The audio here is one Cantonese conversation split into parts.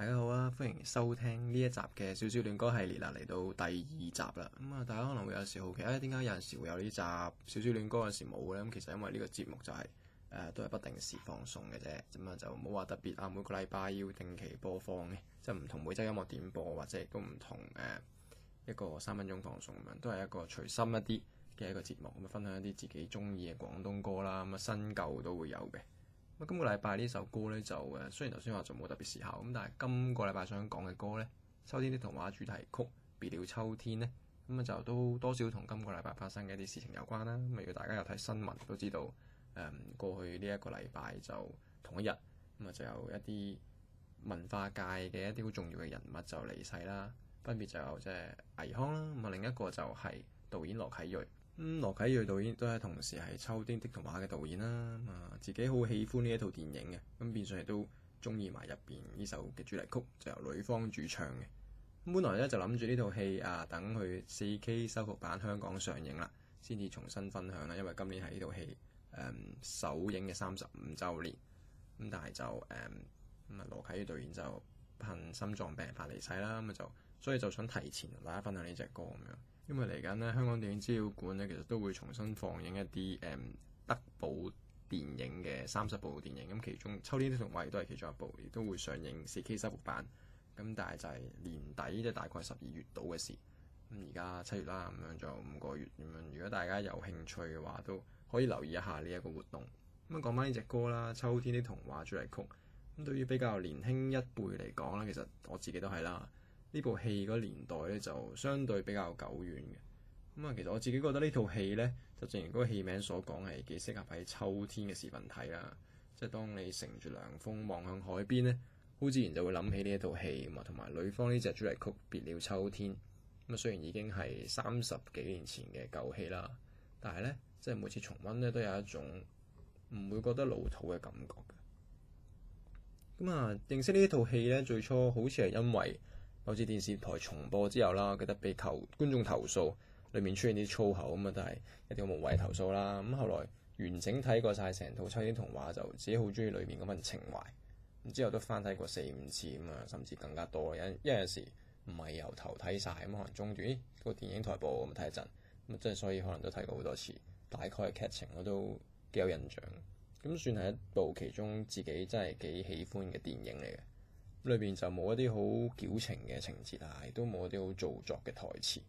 大家好啊，歡迎收聽呢一集嘅小小戀歌系列啦，嚟到第二集啦。咁、嗯、啊，大家可能會有時好奇，誒、哎，點解有陣時會有，有，有呢集小小戀歌，有陣時冇咧？咁其實因為呢個節目就係、是、誒、呃，都係不定時放送嘅啫。咁、嗯、啊，就冇話特別啊，每個禮拜要定期播放嘅，即係唔同每周音樂點播或者亦都唔同誒、呃、一個三分鐘放送咁樣，都係一個隨心一啲嘅一個節目。咁、嗯、啊，分享一啲自己中意嘅廣東歌啦，咁、嗯、啊，新舊都會有嘅。今個禮拜呢首歌呢，就誒，雖然頭先話就冇特別時效，咁但係今個禮拜想講嘅歌呢，《秋天啲童話》主題曲《別了秋天》呢，咁啊就都多少同今個禮拜發生嘅一啲事情有關啦。咁如果大家有睇新聞都知道，誒、嗯、過去呢一個禮拜就同一日，咁啊就有一啲文化界嘅一啲好重要嘅人物就離世啦，分別就有即係倪匡啦，咁啊另一個就係導演羅啟銳。咁羅啟裕導演都係同時係《秋天的童話》嘅導演啦，啊自己好喜歡呢一套電影嘅，咁變相亦都中意埋入邊呢首嘅主題曲，就由呂方主唱嘅。咁本來咧就諗住呢套戲啊等佢四 k 修復版香港上映啦，先至重新分享啦，因為今年係呢套戲誒首映嘅三十五周年。咁但係就誒咁啊羅啟裕導演就不幸心臟病發離世啦，咁、嗯、啊就。所以就想提前同大家分享呢隻歌咁樣，因為嚟緊咧，香港電影資料館咧，其實都會重新放映一啲誒、嗯、德寶電影嘅三十部電影。咁、嗯、其中《秋天的童話》都係其中一部，亦都會上映四 K 修復版。咁、嗯、但係就係年底，即係大概十二月度嘅事。咁而家七月啦，咁樣仲有五個月咁樣、嗯。如果大家有興趣嘅話，都可以留意一下呢一個活動。咁、嗯、講翻呢隻歌啦，《秋天的童話》主題曲。咁、嗯嗯、對於比較年輕一輩嚟講啦，其實我自己都係啦。呢部戲嗰年代咧，就相對比較久遠嘅。咁、嗯、啊，其實我自己覺得呢套戲呢，就正如嗰個戲名所講，係幾適合喺秋天嘅時分睇啦。即係當你乘住涼風望向海邊呢，好自然就會諗起呢一套戲。咁啊，同埋呂方呢隻主題曲《別了秋天》咁啊、嗯，雖然已經係三十幾年前嘅舊戲啦，但係呢，即係每次重溫呢，都有一種唔會覺得老土嘅感覺。咁、嗯、啊，認識呢一套戲呢，最初好似係因為。好似電視台重播之後啦，我記得俾投觀眾投訴，裏面出現啲粗口咁啊，都係一啲無謂投訴啦。咁後來完整睇過晒成套《秋天童話》，就自己好鍾意裏面嗰份情懷。然之後都翻睇過四五次咁啊，甚至更加多。因為有有陣時唔係由頭睇晒，咁可能中段，咦？個電影台播，我咪睇一陣。咁啊，即係所以可能都睇過好多次。大概劇情我都幾有印象。咁算係一部其中自己真係幾喜歡嘅電影嚟嘅。裏邊就冇一啲好矯情嘅情節啊，亦都冇一啲好做作嘅台詞，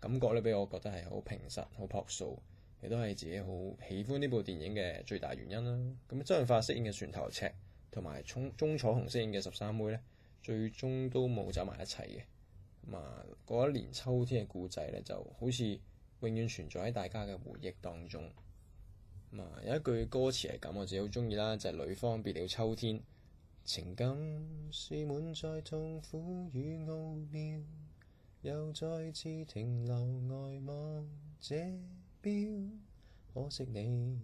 感覺咧俾我覺得係好平實、好樸素，亦都係自己好喜歡呢部電影嘅最大原因啦。咁周潤發飾演嘅船頭尺同埋鍾鍾楚紅飾演嘅十三妹咧，最終都冇走埋一齊嘅。嘛，嗰一年秋天嘅故仔咧，就好似永遠存在喺大家嘅回憶當中。嘛，有一句歌詞係咁，我自己好中意啦，就係呂方別了秋天。情感是滿載痛苦與奧妙，又再次停留呆望這表。可惜你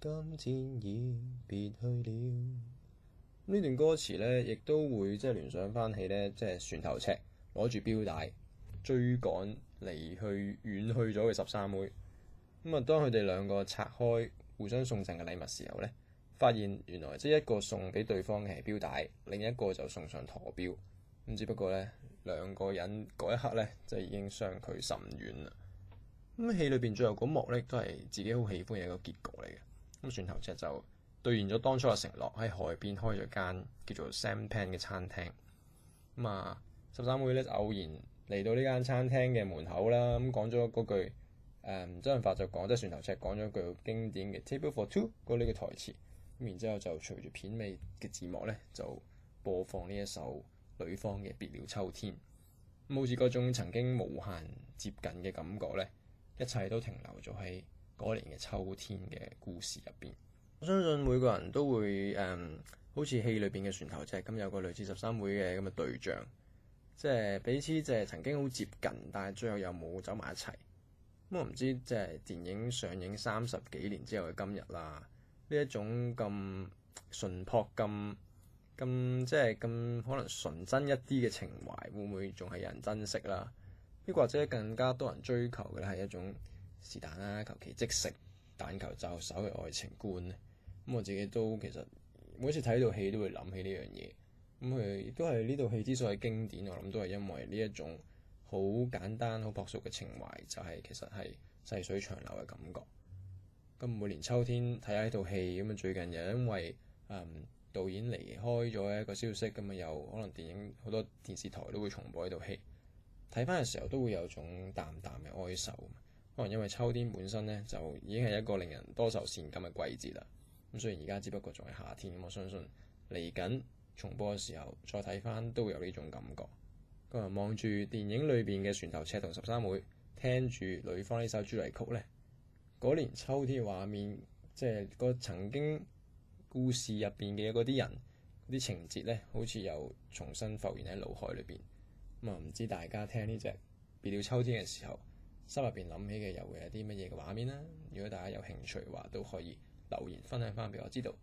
今天已別去了。呢段歌詞呢，亦都會即係聯想翻起，呢即係船頭尺，攞住標帶追趕離去遠去咗嘅十三妹。咁啊，當佢哋兩個拆開互相送贈嘅禮物時候呢。發現原來即係一個送俾對方嘅係表帶，另一個就送上陀錶。咁只不過咧，兩個人嗰一刻咧就已經相距甚遠啦。咁、嗯、戲裏邊最後嗰幕咧都係自己好喜歡嘅一個結局嚟嘅。咁、嗯、船頭尺就兌現咗當初嘅承諾，喺海邊開咗間叫做 Sampan 嘅餐廳。咁、嗯、啊，十三妹咧偶然嚟到呢間餐廳嘅門口啦，咁講咗嗰句誒，周潤發就講即係船頭尺，講咗句經典嘅 table for two 嗰呢個台詞。然之後就隨住片尾嘅字幕咧，就播放呢一首《呂方嘅別了秋天》。好似嗰種曾經無限接近嘅感覺咧，一切都停留咗喺嗰年嘅秋天嘅故事入邊。我相信每個人都會誒、嗯，好似戲裏邊嘅船頭尺咁，有個類似十三妹嘅咁嘅對象，即係彼此即係曾經好接近，但係最後又冇走埋一齊。咁我唔知即係電影上映三十幾年之後嘅今日啦。呢一種咁純樸、咁咁即係咁可能純真一啲嘅情懷，會唔會仲係有人珍惜啦？亦或者更加多人追求嘅咧係一種是但啦，求其即食，但求就手嘅愛情觀咧。咁我自己都其實每次睇呢套戲都會諗起呢樣嘢。咁佢亦都係呢套戲之所以經典，我諗都係因為呢一種好簡單、好樸素嘅情懷，就係、是、其實係細水長流嘅感覺。咁每年秋天睇下呢套戲，咁啊最近又因為嗯導演離開咗一個消息，咁啊又可能電影好多電視台都會重播呢套戲。睇翻嘅時候都會有種淡淡嘅哀愁，可能因為秋天本身呢就已經係一個令人多愁善感嘅季節啦。咁雖然而家只不過仲係夏天，咁我相信嚟緊重播嘅時候再睇翻都會有呢種感覺。咁啊望住電影裏邊嘅船頭赤同十三妹，聽住呂方呢首主題曲呢。嗰年秋天嘅畫面，即係個曾經故事入邊嘅嗰啲人，啲情節咧，好似又重新浮現喺腦海裏邊。咁、嗯、啊，唔知大家聽呢隻別了秋天嘅時候，心入邊諗起嘅又會係啲乜嘢嘅畫面啦？如果大家有興趣嘅話，都可以留言分享翻俾我知道。